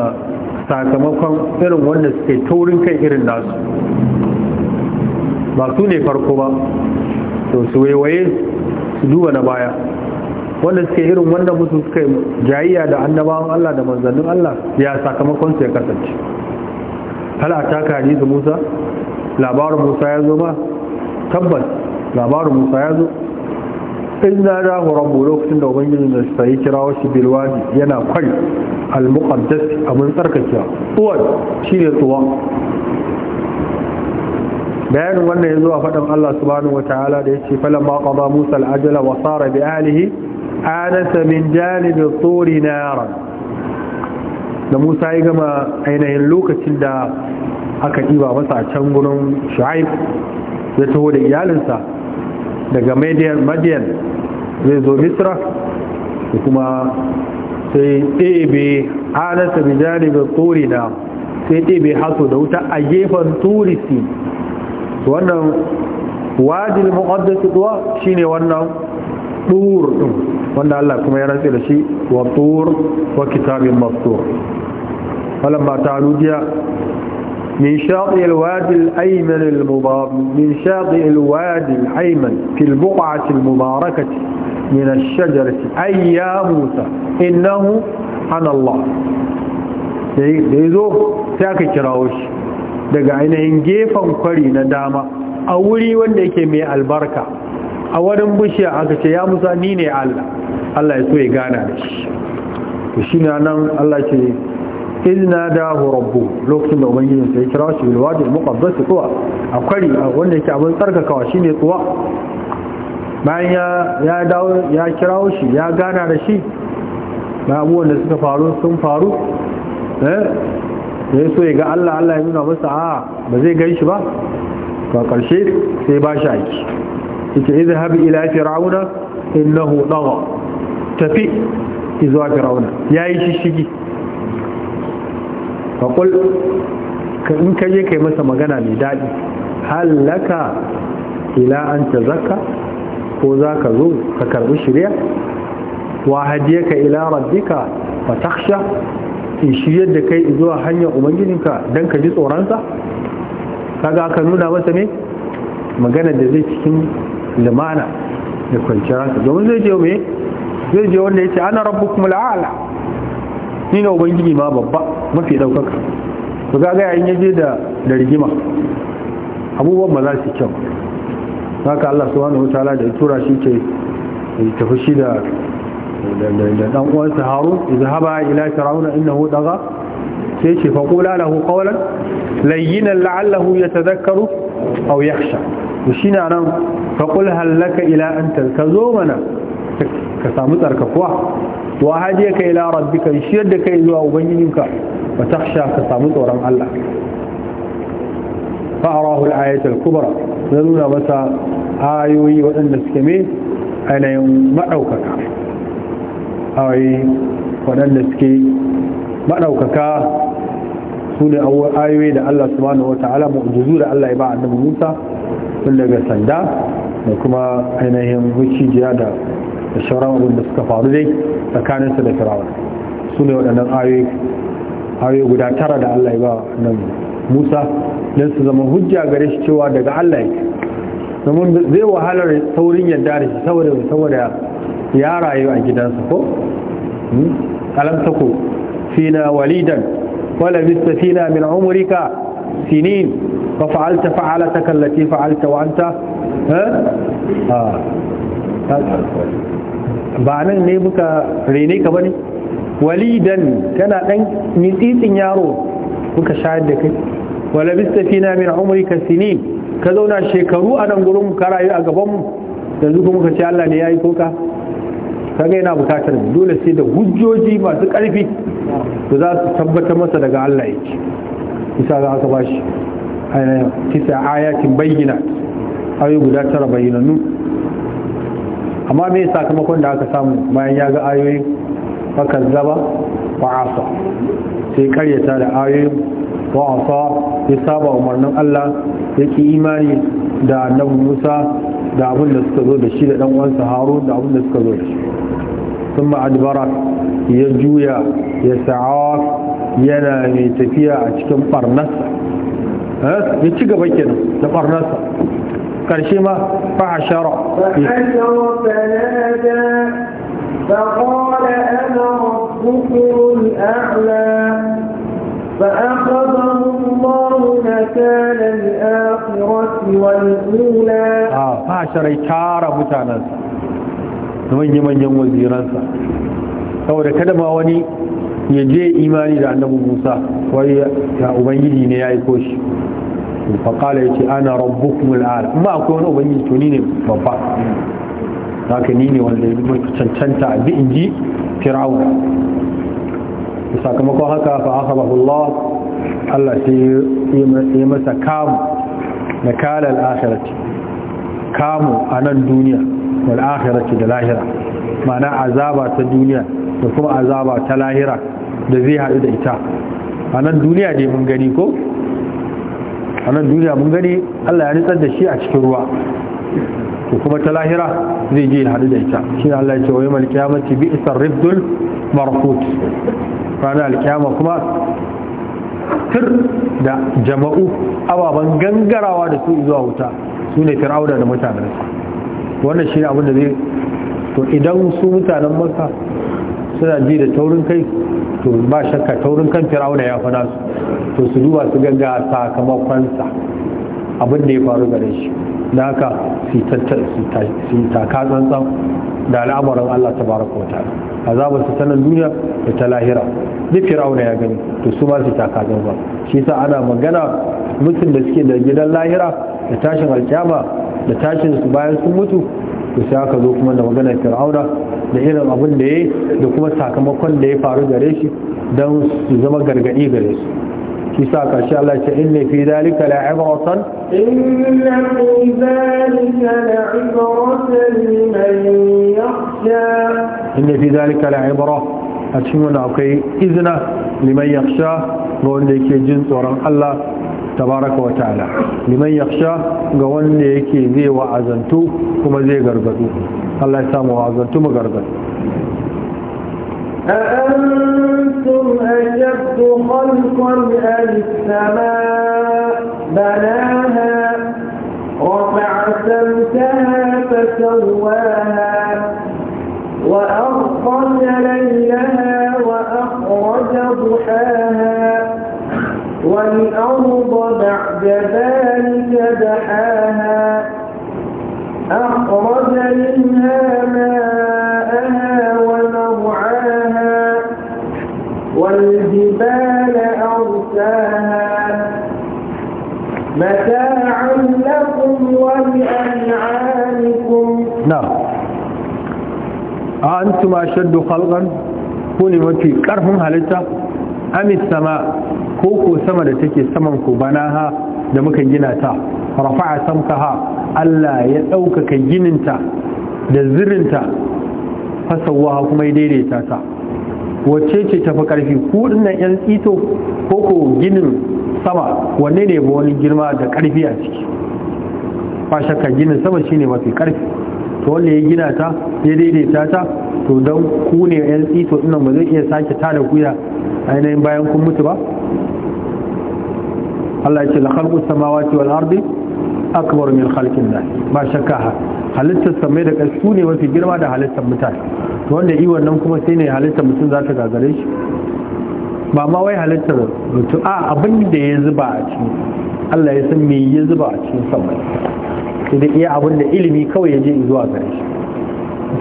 sakamakon irin wanda suke taurin kai irin nasu ba su ne farko ba to su waiwaye su duba na baya wanda suke irin wanda musu suka yi jayayya da annabawan Allah da manzannin Allah ya sakamakon su ya kasance halata ka hadisi Musa labarin Musa ya zo ba tabbas labarin Musa ya zo in na da rabbu lokacin da ubangiji da sai wa shi bilwadi yana kwari al-muqaddas abin tsarkakewa shi shine tsuwa. bayanin wannan ya zo a faɗin Allah subhanahu wa ta'ala da ya ce falamma qada Musa al-ajala wa sara bi ahlihi anasa min janibin tsori naran da musa ya gama ainihin lokacin da aka ɗiba masa a can gurin shu'aib ya taho da iyalinsa daga madiyan zai zo misra da kuma sai ɗebe anasa min janibin tsori na sai ɗebe haso da wuta a gefen turisi wannan wajil mu'addasu kuwa shine wannan dur din wanda Allah kuma ya rantsi da shi wa tur wa kitabin mastur falan jiya, ta rujiya min shaqi alwadi alayman almubarak min shaqi alwadi alayman fi albuqati almubarakati min ash ayya musa innahu ana allah da yazo sai aka kira shi daga ainihin gefan kwari na dama a wuri wanda yake mai albarka a wurin bishiya aka ce ya musa ni ne Allah Allah ya so ya gana da shi to shi na nan Allah ce izna da rabbu lokacin da ubangiji sai kira shi bil wadi muqaddas tuwa a wanda yake abin tsarkakawa shine kuwa bayan ya dawo ya kirawo shi ya gana da shi ba abubuwan da suka faru sun faru eh, ya so ya ga Allah Allah ya nuna masa a ba zai gan shi ba ba ƙarshe sai ba shi aiki yake haɓi ila fir'auna innahu dagha tafi izuwa fir'auna yayi shishigi faqul in ka je kai masa magana mai daɗi hallaka ila an tazakka ko za ka zo ka karɓi shirya wa ka ila rabbika fa takhsha in shiryar da kai zuwa hanyar ubangijinka don ka ji tsoronsa kaga ka nuna masa ne magana da zai cikin limana da kwanciyar domin zai je mai zai je wanda ya ce ana rabu kuma la'ala ni na ubangiji ma babba mafi ɗaukaka ku ga gaya in ya je da rigima abubuwan ba za su kyau za ka Allah wani wataala da tura shi ke tafi shi da dan uwansa Harun izhaba ila fir'auna innahu daga sai ce fa lahu qawlan layyinan la'allahu yatadhakkaru aw yakhsha to shi na nan faƙul hallaka ila an ka zo mana ka samu tsarkakuwa wa haje ka ila rabbika shi yadda ka yi zuwa ubangijinka ta taksha ka samu tsoron Allah fa arahu al-ayat al-kubra ya nuna masa ayoyi waɗanda suke me ainihin maɗaukaka ayoyi waɗanda suke maɗaukaka su ne ayoyi da Allah subhanahu wa ta'ala mu'jizu da Allah ya ba annabi Musa kulle mai sanda da kuma ainihin mucijiya da shawarar wanda suka faru dai su da firawa su ne waɗannan ayoyi guda tara da allah ya ba nan musa don su zama hujja gare shi cewa daga allah ya zai wahalar saurin yadda da shi saboda saboda ya rayu a gidansa ko hmm? alamtako fina walidan wala bista fina min umurika sinin fa fa'alta fa'alataka allati fa'alta wa ba nan ne muka rene ka bane walidan kana dan nitsitsin yaro muka shayar da kai wala bista fina min umrika sinin ka zauna shekaru a nan gurin rayu a gabanmu mu yanzu muka ce Allah ne yayi koka kaga yana bukatar dole sai da hujjoji masu karfi da za tabbatar masa daga Allah yake isa za aka ba shi eh, kisa ayatin bayyana ayoyi guda tara bayyanannu amma me sakamakon da aka samu bayan ya ga ayoyin fakar zaba wa asa sai karyata da ayoyin wa asa ya saba umarnin Allah ya ki imani da nan Musa da abin da suka zo da shi da dan wansa Harun da abin da suka zo da shi sun ya juya ya sa'a. yana mai tafiya a cikin barnarsa ya ci gaba kenan da barnarsa karshe ma fa'ashara a ah, shara ربكم a فأخذه الله مكان manyan manyan waziransa saboda kada ma wani ya je imani da annabi musa wai ya ubangiji ne ya aiko shi faƙala ya ce ana rabbukum al'ala amma akwai wani ubangiji to ni ne babba haka ni ne wanda ya cancanta a bi in ji fir'auna sakamakon haka fa akhadahu Allah Allah sai ya masa kamu da kala al-akhirati kamu a nan duniya wal akhirati da lahira ma'ana azaba ta duniya da kuma azaba ta lahira da zai haɗu da ita a nan duniya ne mun gani ko a nan duniya mun gani allah ya nutsar da shi a cikin ruwa to kuma ta lahira zai je haɗu da ita shi allah ya ce wa yi malkiyamati bi isar ribdul marfut ranar alkiyama kuma tur da jama'u ababen gangarawa da su zuwa wuta su ne fir'auna da mutanensa wannan shi ne abin da zai to idan su mutanen maka suna ji da taurin kai to ba shakka taurin kan firawuna ya fana su to su duba su ganga sakamakonsa abin da ya faru gare shi da haka su taka tsantsan da al'amuran Allah ta baraka wata azabar su sanan duniya da ta lahira duk firawuna ya gani to su ba su taka tsantsan shi sa ana magana mutum da suke da gidan lahira da tashin alkyama da tashin su bayan sun mutu to sai aka zo kuma da maganar fir'auna da irin abin da ya da kuma sakamakon da ya faru gare shi don su zama gargaɗi gare su shi sa karshe Allah ya ce inna fi dalika la'ibratan inna fi dalika la'ibratan liman yakhsha inna fi dalika la'ibra a cikin wannan akwai izina liman yakhsha ga wanda yake jin tsoron Allah تبارك وتعالى لمن يخشى قولني يكي ذي وعزنتو كما ذي قربتو الله يسامو وعزنتو مقربت أأنتم أجبت خلقا أم السماء بناها رفع فسواها وأغطى ليلها وأخرج ضحاها والأرض بعد ذلك دحاها أخرج منها ماءها ومرعاها والجبال أرساها متاعا لكم ولأنعامكم نعم أنتم أشد خلقا كوني وكي كرهم هلتا amis sama ko ko sama da take saman ku banaha da muka gina ta rafa'a samkaha Allah ya ɗaukaka gininta da zirinta fasawaha kuma ya daidaita ta wacce ce tafi karfi ko dinnan yan tsito ko ko ginin sama wanne ne ba wani girma da karfi a ciki ba shakka ginin sama shine mafi karfi to wanda ya gina ta ya daidaita ta to don ku ne yan tsito dinnan ba zai iya sake tada kuya ainihin bayan kun mutu ba Allah ya ce la khalqu samawati wal ardi akbar min khalqin nas ba shakka halittar samai da kasu ne mafi girma da halittar mutane wanda yi wannan kuma sai ne halittar mutum za ta gagare shi ba ma wai halittar mutum a abin da ya zuba a cikin Allah ya san me ya zuba a cikin sama sai da iya abin da ilimi kawai ya je zuwa gare shi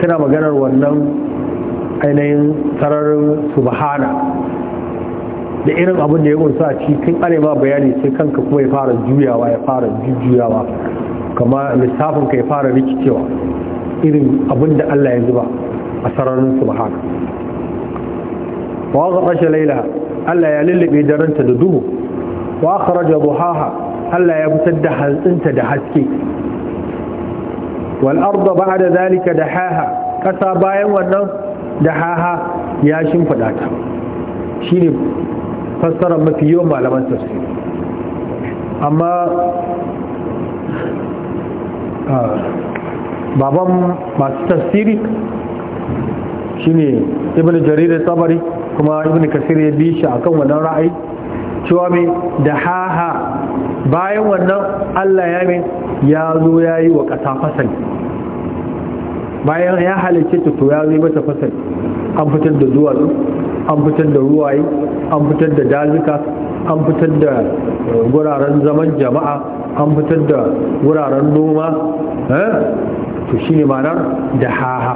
kana maganar wannan ainihin sararin subhana da irin abin da ya kunsa a cikin tun bayani sai kanka kuma ya fara juyawa ya fara jujuyawa kama lissafin ka ya fara rikicewa irin abin da Allah ya zuba a sararin su ba haka. wa ghasha layla Allah ya lullube daranta da duhu wa akhraja buhaha Allah ya fitar da hantsinta da haske wal arda ba'da zalika haha kasa bayan wannan dahaha ya shimfida ta shine fassara mafi yawan malaman tafsir amma baban masu tafsiri shine ibn jarir tabari kuma ibn kasir ya bi shi akan wannan ra'ayi cewa mai da haha bayan wannan Allah ya mai ya zo ya yi wa ƙasa fasali bayan ya halicce ta ya zai mata fasali an fitar da duwatsu an fitar da ruwaye an fitar da dazuka an fitar da wuraren eh, zaman jama'a an fitar da wuraren noma eh, to shine ma'anar da haha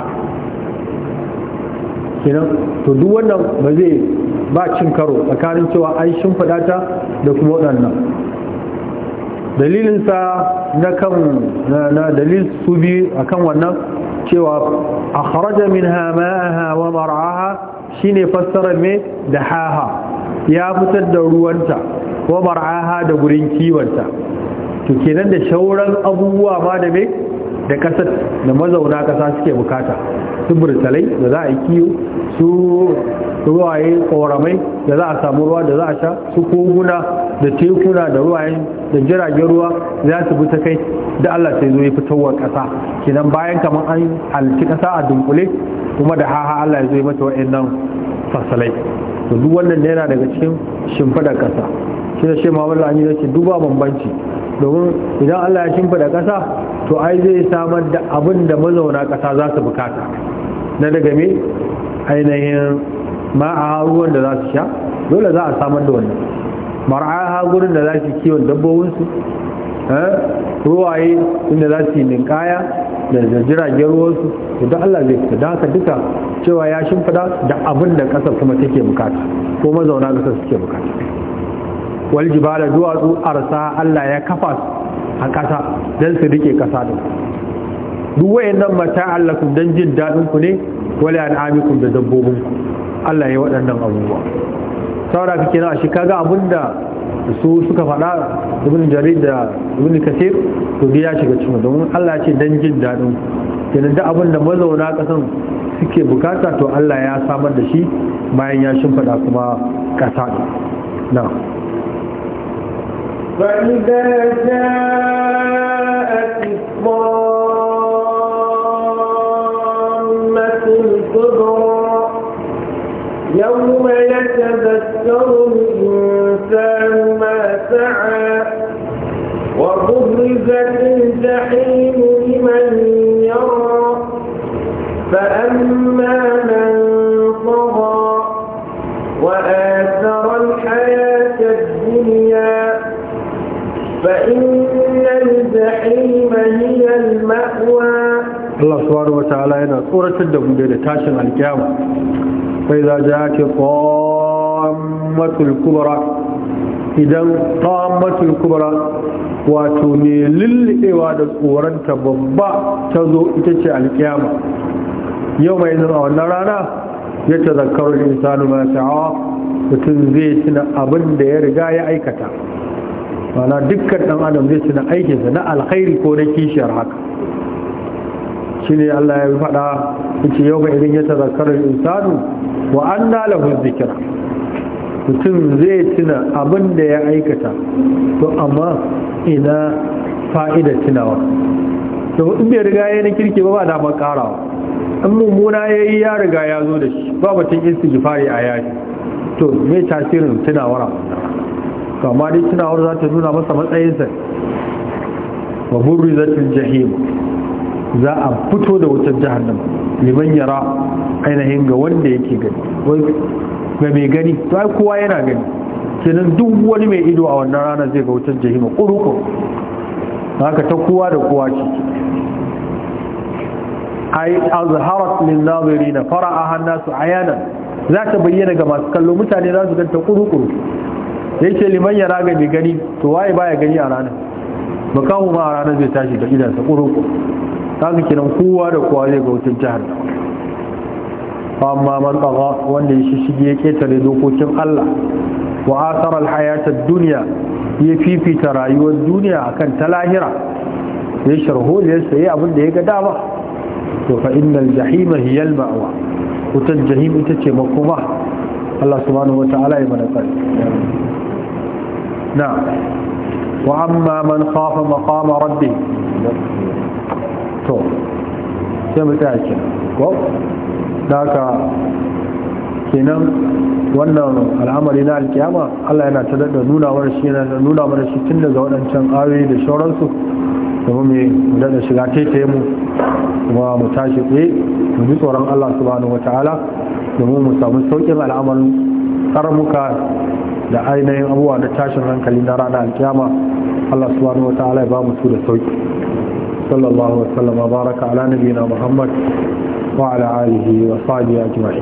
kenan to duk wannan ba zai ba cin karo tsakanin cewa an shimfiɗa ta da kuma waɗannan dalilinsa na kan na dalil su biyu akan wannan cewa a kharaja min hama'aha wa mar'aha shine fassarar me da haha ya fitar da ruwanta ko mar'aha da gurin kiwanta. to kenan da shauran abubuwa ba da me da kasar da mazauna kasa suke bukata su burtalai da za a kiyo su ruwaye koramai da za a samu ruwa da za a sha su koguna da tekuna da ruwaye da jiragen ruwa za su bi ta kai da Allah sai zo ya fitowar kasa kenan bayan kamar an halci kasa a dunkule kuma da haha Allah ya zai mata wa'annan fasalai to duk wannan yana daga cikin shimfidar ƙasa shi da shema wallah an yi da duk ba bambanci domin idan Allah ya shimfida ƙasa to ai zai samar da abin da mazauna ƙasa za su bukata na daga me ainihin ma'a ruwan da za su sha dole za a samar da wannan mar'aha gurin da za su kiwon dabbobinsu ruwaye inda za su yi ninkaya da jiragen ruwansu da Allah zai fita da haka duka cewa ya shimfida da abin da ƙasar kuma take bukata ko mazauna ƙasar suke bukata wal jibala duwatsu arsa Allah ya kafa a ƙasa don su rike kasa da duk wayannan mata Allah ku dan jin daɗin ku ne wala an'amikum da dabbobin Allah ya waɗannan abubuwa saboda kake na shi kaga abinda su suka faɗa ibn jarir da ibn kasir to ya shiga cikin domin Allah ce dan jin daɗin kenan da abin da mazauna kasan suke bukata to Allah ya samar da shi bayan ya shimfiɗa kuma ƙasa na يوم يتذكر subhanahu wa ta'ala yana tsoratar da mu da tashin alkiyama sai za ja ke qammatul kubra idan qammatul kubra wato ne lillewa da tsoranta babba ta zo ita ce alkiyama yau mai zan a wannan rana ya tazakkaru insanu ma sa'a mutum zai tuna abin da ya riga ya aikata mana dukkan ɗan adam zai tuna aikinsa na alkhairi ko na kishiyar haka shine Allah ya faɗa yace yau bai idan ya tazakkaru insanu wa anna lahu dhikra mutum zai tuna abin da ya aikata to amma ina fa'ida tunawa to in bai riga ya yayin kirki ba ba da makarawa in mummuna yayi ya riga ya zo da shi ba batun istighfari a yayi to me tasirin tunawar to amma dai tunawar za ta nuna masa matsayinsa wa burrizatul jahim za a fito da wutar jahannam liman yara ainihin ga wanda yake gani ga mai gani to ai kowa yana gani kenan duk wani mai ido a wannan rana zai ga wutar jahima kuruku haka ta kowa da kowa ce ai azharat lin nazirin fara'aha nasu ayana za ta bayyana ga masu kallo mutane za su ganta kurukuru yace liman yara ga mai gani to waye baya gani a ranar makamu ma a ranar zai tashi ga sa kurukuru haka kiran kowa da kowa zai ga wutar jihar amma man tsaga wanda ya shige ya ketare dokokin Allah wa asara duniya ya fifita rayuwar duniya akan ta lahira ya sharho ya sayi abin da ya ga dama to fa innal jahima hiya al wutar jahim ita ce makoma Allah subhanahu wata'ala ya mana tsari na wa amma man khafa maqama rabbih to sai mu tsaya ke ko da haka kenan wannan al'amari na alkiyama Allah yana ta daɗa nuna mana shi yana nuna mana shi tun daga waɗancan ayoyi da sauransu da mu daɗa shiga taitaye mu kuma mu tashi tsaye mu ji tsoron Allah subhanahu wataala domin mu samu sauƙin al'amarin karamuka da ainihin abubuwa da tashin hankali na ranar alkiyama Allah subhanahu wataala ya ba mu su da sauki وصلى الله وسلم وبارك على نبينا محمد وعلى آله وصحبه أجمعين